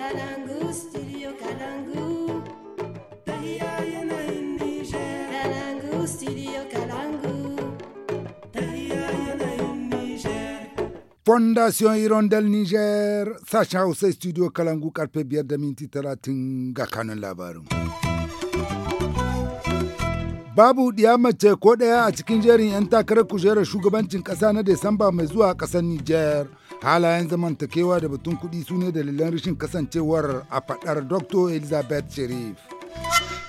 Kalangu, studio Kalangu. Tahiya yanayin Niger. Kalangu, studio Kalangu. Tahiya yanayin Niger. Fondation Hirondel Niger, sashen Hausa studio Kalangu karfe biyar da minti talatin ga kanun labarun. Babu mace ko ɗaya a cikin jerin 'yan takarar kujerar shugabancin ƙasa na Desamba mai zuwa ƙasar Nijar. Halayen zamantakewa da batun kuɗi su ne dalilan rashin kasancewar a faɗar Dr. Elizabeth Sharif.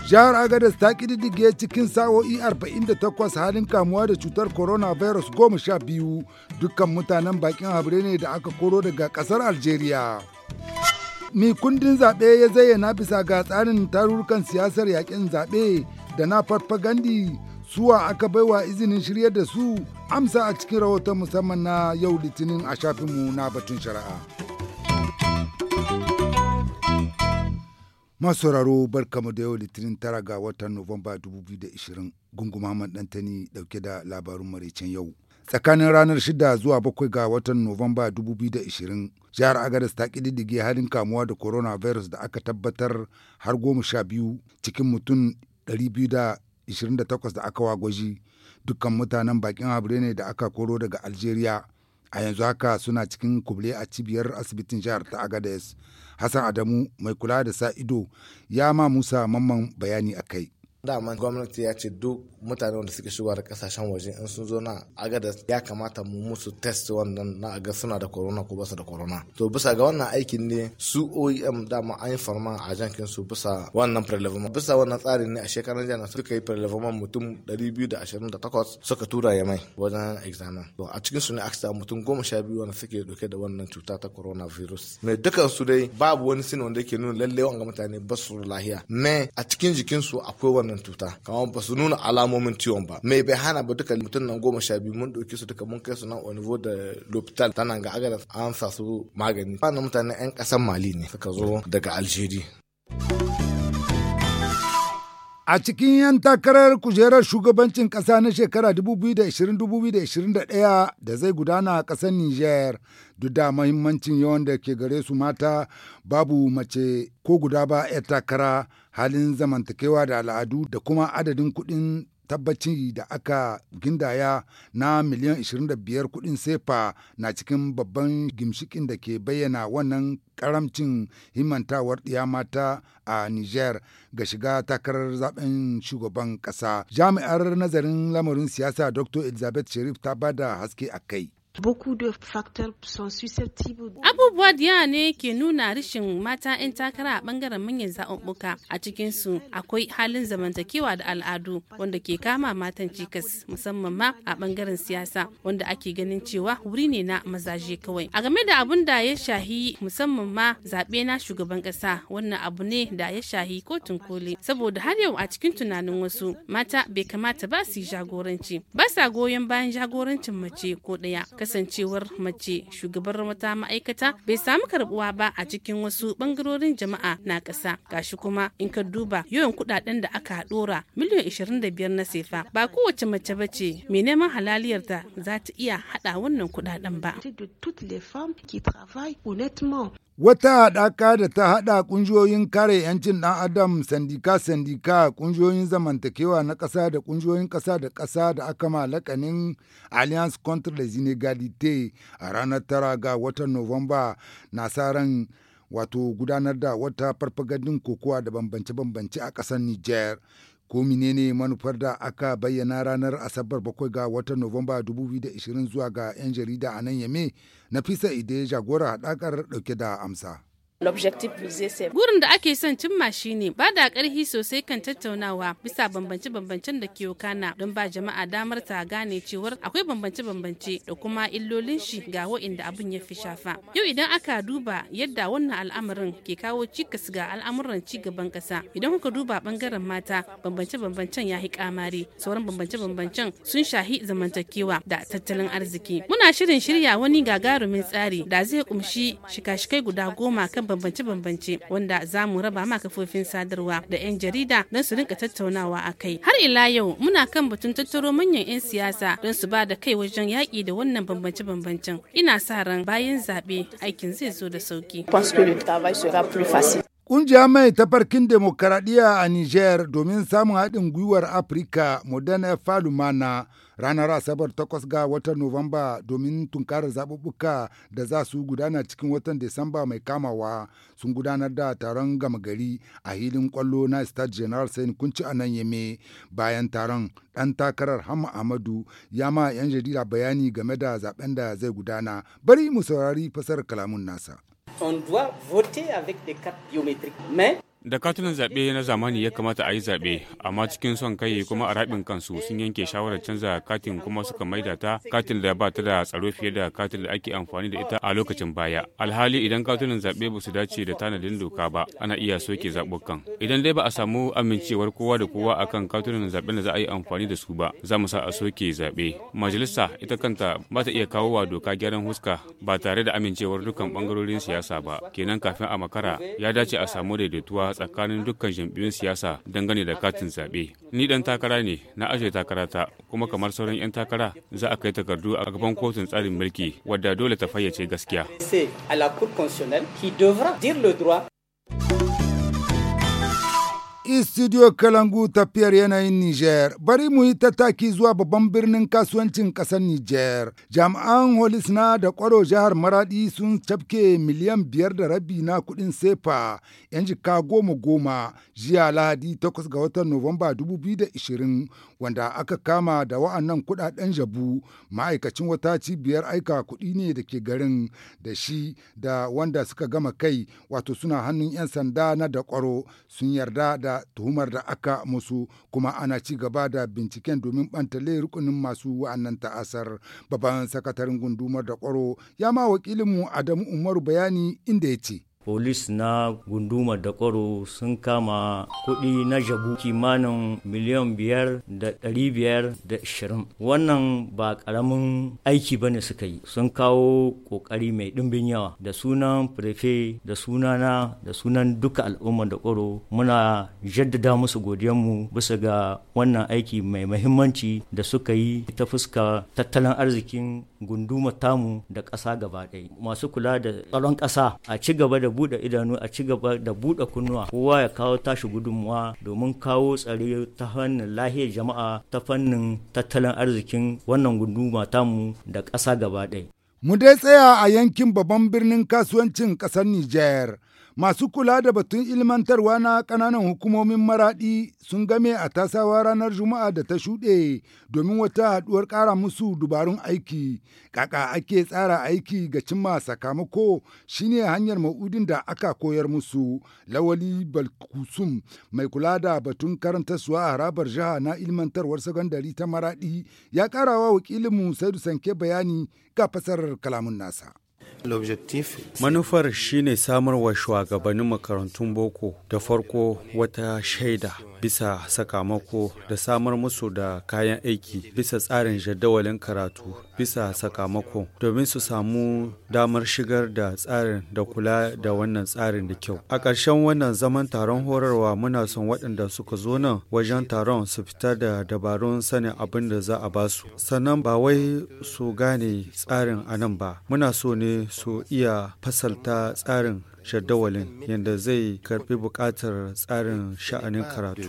Jihar Agadez ta ƙididdige cikin sa'o'i 48 halin kamuwa da cutar coronavirus biyu, dukkan mutanen bakin habire ne da aka koro daga ƙasar Algeria. Mi kundin zaɓe ya zayyana bisa ga tsarin tarurrukan siyasar yaƙin zaɓe da na farfagandi suwa aka baiwa izinin shiryar da su amsa a cikin rahoton musamman na yau litinin a shafinmu na batun shari'a. Masu sauraro barkamu da yau litinin tara ga watan Nuwamba 2020 gunguma dantani ɗauke da labarun maraicen yau. tsakanin ranar 6 zuwa 7 ga watan Nuwamba 2020 jihar agadas ta ƙididdige halin kamuwa da coronavirus da aka tabbatar har 12 cikin mutum 228 da aka wa gwaji dukkan mutanen bakin habire ne da aka koro daga algeria a yanzu haka suna cikin kuble a cibiyar asibitin jihar ta agades hassan adamu mai kula da sa ido ya ma musa mamman bayani a kai dama gwamnati ya ce duk mutane wanda suke shigowa da kasashen waje in sun zo na agada ya kamata mu musu test wannan na aga suna da corona ko basu da corona to bisa ga wannan aikin ne su OEM dama an yi farma a jankin su bisa wannan prelevement bisa wannan tsarin ne a shekarun jana suka yi prelevement mutum 228 suka tura ya mai wajen exam to a cikin su ne aka samu mutum 12 wanda suke dauke da wannan cuta ta virus me dukan su dai babu wani sin wanda yake nuna lalle wanga mutane basu lahiya me a cikin jikin su akwai wannan wannan cuta kamar ba su nuna alamomin ciwon ba mai bai hana ba duka mutum nan goma sha biyu mun ɗauki su duka mun kai su nan onivo da l'hopital tana ga agadas an sa su magani wannan mutanen 'yan ƙasar mali ne suka zo daga algeria A cikin 'yan takarar kujerar shugabancin ƙasa na shekara 2020-2021 da zai gudana a ƙasar Nijar, duk da mahimmancin yawan da ke gare su mata babu mace ko guda ba 'yan takara halin zamantakewa da al'adu da kuma adadin kuɗin tabbaci da aka gindaya na miliyan 25 kudin sefa na cikin babban gimshikin da ke bayyana wannan karamcin himantawar ɗiya mata a Niger ga shiga takarar zaben shugaban ƙasa. Jami'ar nazarin lamarin siyasa Dr. Elizabeth Sherif ta bada haske a kai. Abubuwa da yawa ne ke nuna rashin mata 'yan takara a bangaren manyan zaɓuɓɓuka a cikinsu akwai halin zamantakewa da al'adu wanda ke kama matan cikas musamman ma a bangaren siyasa wanda ake ganin cewa wuri ne na mazaje kawai. A game da abun da ya shahi musamman ma zaɓe na shugaban ƙasa wannan abu ne da ya shahi kotun koli saboda har yau a cikin tunanin wasu mata bai kamata ba su yi jagoranci ba sa goyon bayan jagorancin mace ko ɗaya. kasancewar mace shugabar wata ma'aikata bai samu karbuwa ba a cikin wasu bangarorin jama'a na ƙasa gashi kuma in ka duba yawan kudaden da aka dora miliyan 25 na sefa ba kowace mace ba ce mai neman halaliyar ta za ta iya haɗa wannan kudaden ba Wata haɗaka da ta haɗa ƙungiyoyin kare 'yancin ɗan Adam sandika-sandika ƙungiyoyin zamantakewa na ƙasa da ƙungiyoyin ƙasa da ƙasa da aka malakanin Alliance contre les inégalités a ranar tara ga watan Nuwamba na ran wato gudanar da wata farfagandun kokowa da bambance-bambance a ƙasar Nijar. ko menene manufar da aka bayyana ranar asabar bakwai ga watan nuwamba 2020 zuwa ga 'yan jarida a nan yame na fisa ide jagora hadakar dauke da amsa. L'objectif visé c'est Gurin da ake son cimma shine ba da karhi sosai kan tattaunawa bisa bambance-bambancen da ke kana don ba jama'a damar ta gane cewar akwai bambance-bambance da kuma illolin shi ga wa'inda abin ya fi shafa. Yau idan aka duba yadda wannan al'amarin ke kawo cikas ga al'amuran ci gaban kasa idan kuka duba bangaren mata bambance-bambancen ya yi kamari sauran bambance-bambancen sun shahi zamantakewa da tattalin arziki. Muna shirin shirya wani gagarumin tsari da zai kumshi shika-shikai guda goma kan bambance-bambance wanda za mu raba ma kafofin sadarwa da 'yan jarida don su rinka tattaunawa a kai. Har ila yau muna kan batun tattaro manyan 'yan siyasa don su ba da kai wajen yaƙi da wannan bambance-bambancen. Ina sa ran bayan zaɓe aikin zai zo da sauki. Ƙungiya mai farkin demokaradiyya a Niger domin samun haɗin gwiwar Afirka Modern Falumana ranar asabar takwas ga watan nuwamba domin tunkarar zaɓuɓɓuka da za su gudana cikin watan disamba mai kamawa sun gudanar da taron gama gari a hilin kwallo na stade general sain kunci a nan yame bayan taron dan takarar hama amadu ya ma 'yan jarida bayani game da zaben da zai gudana bari mu saurari fasar kalamun nasa on doit voter avec des cartes biométriques. Mais Da katunan zaɓe na zamani ya kamata a yi zaɓe, amma cikin son kai kuma a raɓin kansu sun yanke shawarar canza katin kuma suka maida ta katin da ba ta da tsaro fiye da katin da ake amfani da ita a lokacin baya. Alhali idan katunan zaɓe ba su dace da tanadin doka ba, ana iya soke zaɓukan. Idan dai ba a samu amincewar kowa da kowa akan katunan zaɓen da za a yi amfani da su ba, za mu sa a soke zaɓe. Majalisa ita kanta ba ta iya kawo wa doka gyaran huska ba tare da amincewar dukkan ɓangarorin siyasa ba. Kenan kafin a makara ya dace a samu daidaituwa tsakanin dukkan jam'iyyun siyasa dangane da katin zaɓe. Ni dan takara ne na ajiye takarata kuma kamar sauran 'yan takara za a kai takardu a gaban kotun tsarin mulki wadda dole ta fayyace gaskiya. E studio Kalangu tafiyar yanayin Niger, bari mu yi tattaki zuwa babban birnin kasuwancin ƙasar Niger. Jami'an Holisna da Kwaro jihar Maradi sun cafke miliyan biyar da rabi na kuɗin sefa, ‘yan jika goma goma, jiya Lahadi 8 ga watan Nuwamba 2020, wanda aka kama da wa'annan kuɗaɗen jabu, ma'aikacin wata cibiyar aika kuɗi ne da ke garin da shi da wanda suka gama kai, wato suna hannun ‘yan sanda na da Kwaro sun yarda da tuhumar da aka musu kuma ana ci gaba da binciken domin bantale rukunin masu wa'annan ta'asar babban sakataren gundumar da kwaro ya ma wakilinmu Adamu Umaru bayani inda ya ce. polis na gunduma da kwaro sun kama kuɗi na jabu kimanin miliyan biyar da ɗari biyar da ashirin wannan ba ƙaramin aiki ba ne suka yi sun kawo ƙoƙari mai ɗimbin yawa da sunan prefe da sunana da sunan duka al'ummar da kwaro muna jaddada musu mu bisa ga wannan aiki mai mahimmanci da suka yi ta fuska tattalin arzikin gunduma tamu da ƙasa gaba ɗaya masu kula da tsaron ƙasa a ci gaba da buɗe idanu a ci gaba da buɗe kunnuwa kowa ya kawo tashi gudunmuwa domin kawo tsare ta fannin lahiyar jama'a ta fannin tattalin arzikin wannan gunduma tamu da ƙasa gaba ɗaya. Mu dai tsaya a yankin babban birnin kasuwancin ƙasar Nijar. Masu kula da batun ilmantarwa na ƙananan hukumomin maraɗi sun game a tasawa ranar Juma'a da ta shuɗe domin wata haɗuwar ƙara musu dubarun aiki. ƙaƙa ake tsara aiki ga cimma sakamako shine hanyar ma'udin da aka koyar musu. Lawali Balkusum mai kula da batun karantarsuwa a harabar jiha na ilmantarwar sakandari ta maraɗi ya ƙara wa sai Sanke bayani ga fasarar kalamun nasa. Manufar shine samar wa shugabannin makarantun boko da farko wata shaida bisa sakamako da samar musu da kayan aiki bisa tsarin jadawalin karatu bisa sakamako domin su samu damar shigar da tsarin da kula da wannan tsarin da kyau. A ƙarshen wannan zaman taron horarwa muna son waɗanda suka zo nan wajen taron su fita da dabarun sanin abin da za a basu. Sannan ba wai su gane tsarin a nan ba, muna so ne su iya fasalta tsarin jadawalin yadda zai karfi bukatar tsarin sha'anin karatu.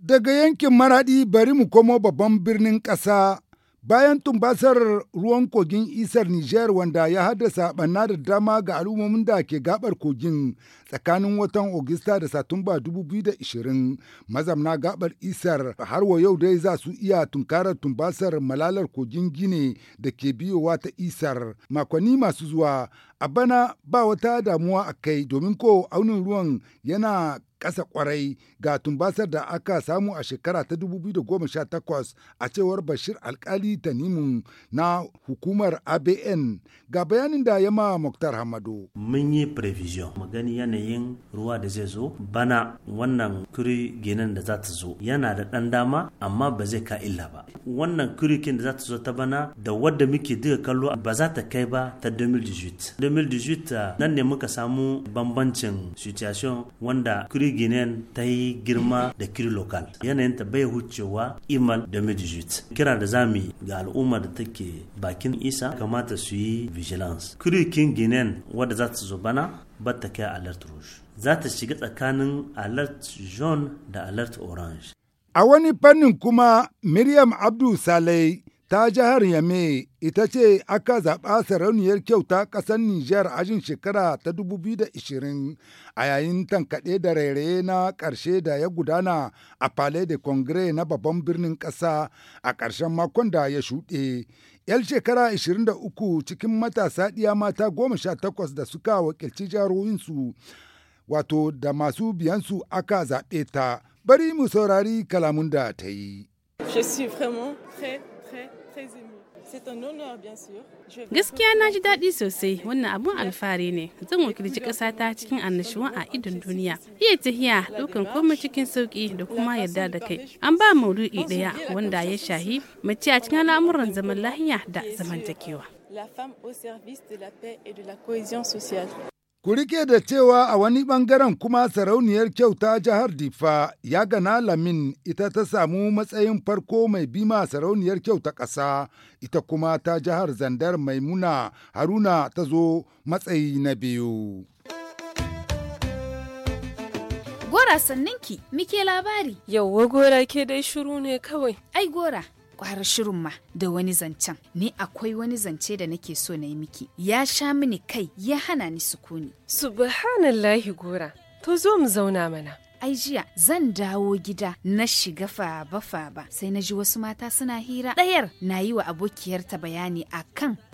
Daga yankin maradi bari mu komo babban birnin ƙasa Bayan tumbasar ruwan kogin isar Nijar wanda ya haddasa ɓanna da dama ga al'ummomin da ke gabar kogin tsakanin watan Ogista da Satumba 2020 mazamna gabar isar har wa yau dai za su iya tunkarar tumbasar malalar kogin Gine da ke biyowa ta isar makonni masu zuwa A bana ba wata damuwa a kai domin ko aunin ruwan yana ƙasa kwarai ga tumbasar da aka samu a shekara ta 2018 a cewar Bashir Alkali Tanimun na hukumar ABN ga bayanin da ya ma Muktar hamadu. Mun yi prevision magani yanayin ruwa da zai zo bana wannan kuri ginin da za ta zo yana da ɗan dama amma ba zai ka illa ba. Wannan kuri da za ta zo ta bana da wadda muke duka kallo ba za ta kai ba ta 2018. 2018 nan ne muka samu bambancin situation wanda kiri guinean ta yi girma da kiri local yanayin ta bai hucewa imal 2018 kira da zami ga al'umma da take bakin isa kamata su yi vigilance kiri kin guinean wadda za ta zo bana ba ta kai alert rouge za ta shiga tsakanin alert jaune da alert orange a wani fannin kuma miriam abdul salai ta jihar Yame ita ce aka zaɓa sarauniyar kyauta ƙasar Nijar ajin shekara ta 2020 a yayin tankaɗe da rairaye na ƙarshe da ya gudana a Palais de congre na babban birnin ƙasa a ƙarshen makon da ya shuɗe. 'Yar shekara 23 cikin matasa ɗiya mata 18 da suka wakilci jarohinsu wato da masu biyansu aka zaɓe ta. Bari mu saurari kalamun da ta yi. Gaskiya na ji daɗi sosai wannan abun alfahari ne zan wakilci ƙasata cikin annashuwa a idon duniya. Iya tahiya ɗaukan komai cikin sauƙi da kuma yarda da kai. An ba maudu'i ɗaya wanda ya shahi mace a cikin al'amuran zaman lahiya da zamantakewa. Ku rike da cewa a wani ɓangaren kuma sarauniyar kyauta jihar Difa ya gana Lamin ita ta samu matsayin farko mai bima sarauniyar kyauta ƙasa, ita kuma ta jihar Zandar Maimuna Haruna ta zo matsayi na biyu. Gora sanninki, muke labari. Yauwa gora ke dai shiru ne kawai. Ai gora, kwar shirin ma da wani zancen ni akwai wani zance da nake so na yi miki ya sha mini kai ya hana ni sukuni subhanallahi gora to zo mu zauna mana ai jiya zan dawo gida na shiga faba-faba sai na ji wasu mata suna hira ɗayar na yi wa abokiyarta bayani akan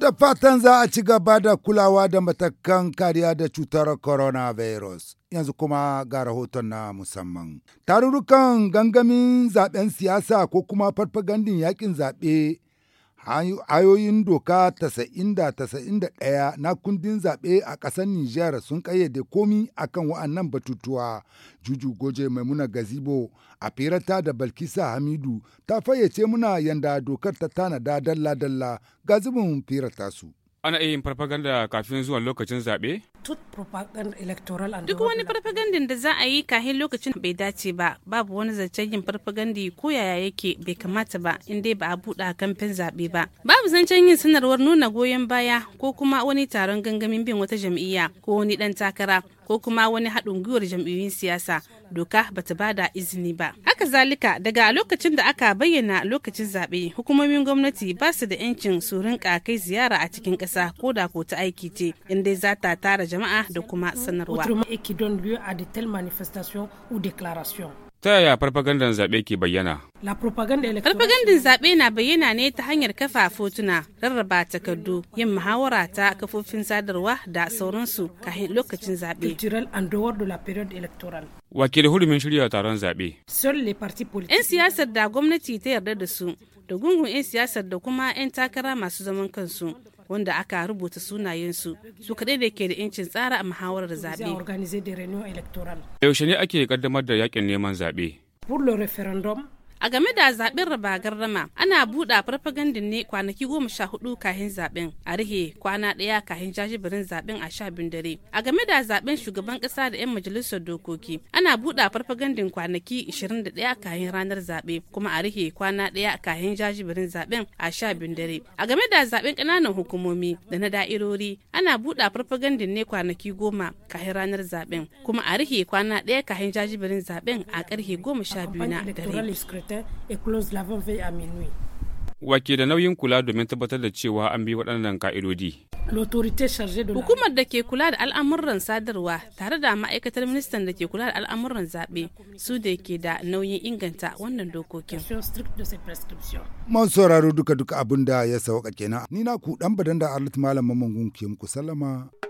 Da fatan za a ci gaba da kulawa da matakan kariya da cutar coronavirus. Yanzu kuma ga rahoton na musamman. Tarurrukan gangamin zaben siyasa ko kuma farfagandin yakin zaɓe ayoyin doka 90 da 91 na kundin zaɓe a ƙasar Nijar sun ƙayyade komi akan wa'annan batutuwa. Juju Goje Maimuna Gazibo a firarta da Balkisa Hamidu ta fayyace muna yanda dokar ta tanada dalla-dalla gazibin firarta su. ana iya yin farfaganda kafin zuwan lokacin zaɓe? Duk wani farfagandin da za a yi kahin lokacin bai dace ba, babu wani zancen yin farfagandi ko yaya yake bai kamata ba in dai ba a buɗa kamfen zaɓe ba. Babu zancen yin sanarwar nuna goyon baya ko kuma wani taron gangamin bin wata jam'iyya ko wani ɗan takara ko kuma wani haɗin gwiwar jam'iyyun siyasa doka ba bata bada izini ba haka zalika daga lokacin da aka bayyana lokacin zaɓe hukumomin gwamnati ba su da yancin su rinka kai ziyara a cikin ƙasa ko da ko ta aiki ce in dai za ta tara jama'a da kuma sanarwa Ta yaya farfagandan zaɓe ke bayyana? Farfagandan zaɓe na bayyana ne ta hanyar kafa fotuna, rarraba takardu, yin muhawara ta kafofin sadarwa da sauransu kafin lokacin zaɓe. Wakil da hurumin shirya taron zaɓe. 'Yan siyasar da gwamnati ta yarda da su, da gungun 'yan siyasar da kuma 'yan takara masu zaman kansu. wanda aka rubuta sunayensu su kaɗai da ke da incin tsara a muhawarar zaɓe. Yaushe ne ake ƙaddamar da yakin neman zaɓe? Pour le référendum, A game da zaɓen raba gardama ana buɗa farfagandin ne kwanaki goma sha hudu kahin zaɓen a rihe kwana ɗaya kahin jajibirin zaɓen a sha biyun dare. A game da zaɓen shugaban ƙasa da 'yan majalisar dokoki ana buɗa farfagandin kwanaki 21 kahin ranar zaɓe kuma a rihe kwana ɗaya kahin jajibirin zaɓen a sha biyun dare. A game da zaɓen ƙananan hukumomi da na da'irori ana buɗa farfagandin ne kwanaki goma kahin ranar zaɓen kuma a rihe kwana ɗaya kahin jajibirin zaben a karhe goma sha biyu na dare. matin et close la à Wake da nauyin kula domin tabbatar da cewa an bi waɗannan ka'idodi. Hukumar da ke kula da al'amuran sadarwa tare da ma'aikatar ministan da ke kula da al'amuran zaɓe su da ke da nauyin inganta wannan dokokin. Man sauraro duka-duka abin da ya sauka kenan. Ni na ku dan badan da Arlit Malam Mamangun ke muku sallama.